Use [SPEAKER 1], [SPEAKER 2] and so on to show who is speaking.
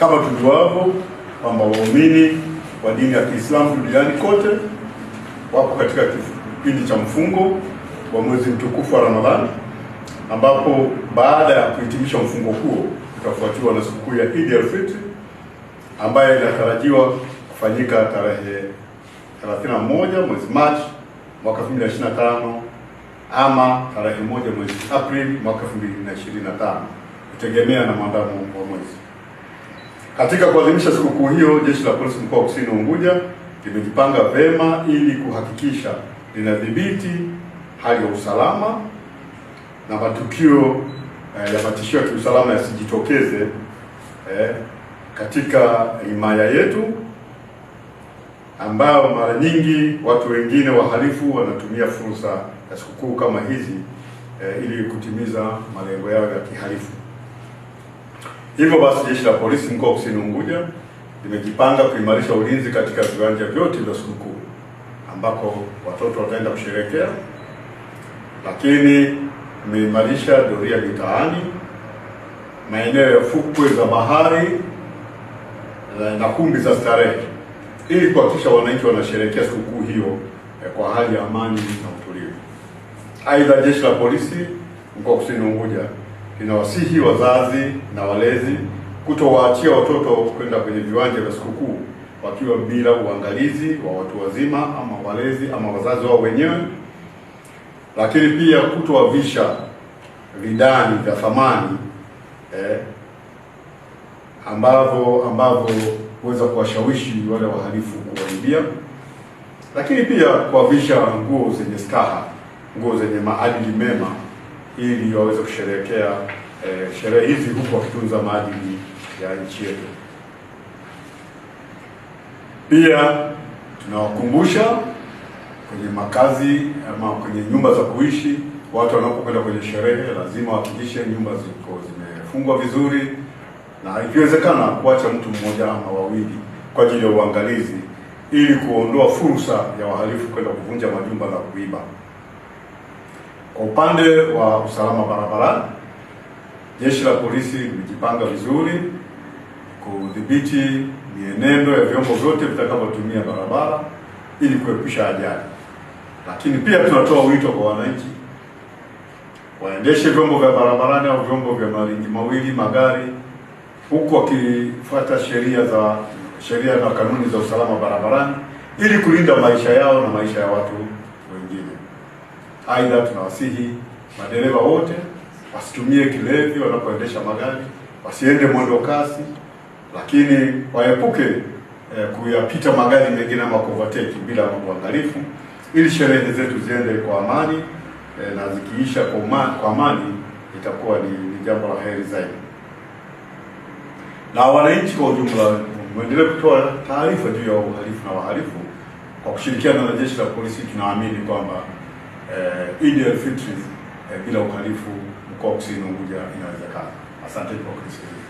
[SPEAKER 1] kama tujuavyo kwamba waumini wa dini ya Kiislamu duniani kote wapo katika kipindi cha mfungo wa mwezi mtukufu wa Ramadhani, ambapo baada ya kuhitimisha mfungo huo utafuatiwa na sikukuu ya Eid al-Fitr ambayo inatarajiwa kufanyika tarehe 31 mwezi Machi mwaka 2025 ama tarehe moja mwezi Aprili mwaka 2025 kutegemea na mwandamo wa mwezi. Katika kuadhimisha sikukuu hiyo, Jeshi la Polisi Mkoa wa Kusini Unguja limejipanga vema ili kuhakikisha linadhibiti hali ya usalama na matukio eh, ya matishio ya kiusalama yasijitokeze eh, katika himaya yetu ambayo mara nyingi watu wengine wahalifu wanatumia fursa ya sikukuu kama hizi eh, ili kutimiza malengo yao ya kihalifu. Hivyo basi jeshi la polisi mkoa wa Kusini Unguja limejipanga kuimarisha ulinzi katika viwanja vyote vya sikukuu ambako watoto wataenda kusherekea, lakini imeimarisha doria mitaani, maeneo ya fukwe za bahari na kumbi za starehe ili kuhakikisha wananchi wanasherehekea sikukuu hiyo eh, kwa hali ya amani na utulivu. Aidha, jeshi la polisi mkoa wa Kusini Unguja linawasihi wazazi na walezi kutowaachia watoto kwenda kwenye viwanja vya sikukuu wakiwa bila uangalizi wa watu wazima ama walezi ama wazazi wao wenyewe, lakini pia kutowavisha vidani vya thamani eh, ambavyo ambavyo huweza kuwashawishi wale wahalifu kuwaibia, lakini pia kuwavisha nguo zenye staha, nguo zenye maadili mema ili waweze kusherehekea eh, sherehe hizi huku wakitunza maadili ya nchi yetu. Pia tunawakumbusha kwenye makazi ama kwenye nyumba za kuishi, watu wanapokwenda kwenye sherehe lazima wahakikishe nyumba ziko zimefungwa vizuri, na ikiwezekana kuacha mtu mmoja ama wawili kwa ajili ya uangalizi, ili kuondoa fursa ya wahalifu kwenda kuvunja majumba na kuiba. Kwa upande wa usalama barabarani, jeshi la polisi limejipanga vizuri kudhibiti mienendo ya vyombo vyote vitakavyotumia barabara ili kuepusha ajali. Lakini pia tunatoa wito kwa wananchi waendeshe vyombo vya barabarani au vyombo vya maringi mawili magari, huku wakifuata sheria za sheria na kanuni za usalama barabarani ili kulinda maisha yao na maisha ya watu Aidha, tunawasihi madereva wote wasitumie kilevi wanapoendesha magari, wasiende mwendo kasi, lakini waepuke eh, kuyapita magari mengine ama kuvateki bila uangalifu, ili sherehe zetu ziende kwa amani eh, na zikiisha kwa, amani, kwa amani itakuwa ni, ni jambo la heri zaidi. Na wananchi kwa ujumla mwendelee kutoa taarifa juu ya uhalifu na wahalifu. Kwa kushirikiana na jeshi la polisi, tunaamini kwamba uh, Eid el Fitri uh, eh, bila uhalifu mkoa a Kusini Unguja inawezekana. Asante kwa kusikiliza.